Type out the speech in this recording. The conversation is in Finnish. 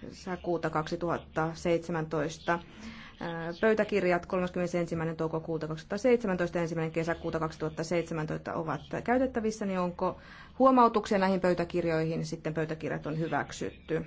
kesäkuuta 2017. Pöytäkirjat 31. toukokuuta 2017 ja 1. kesäkuuta 2017 ovat käytettävissä, niin onko huomautuksia näihin pöytäkirjoihin, sitten pöytäkirjat on hyväksytty.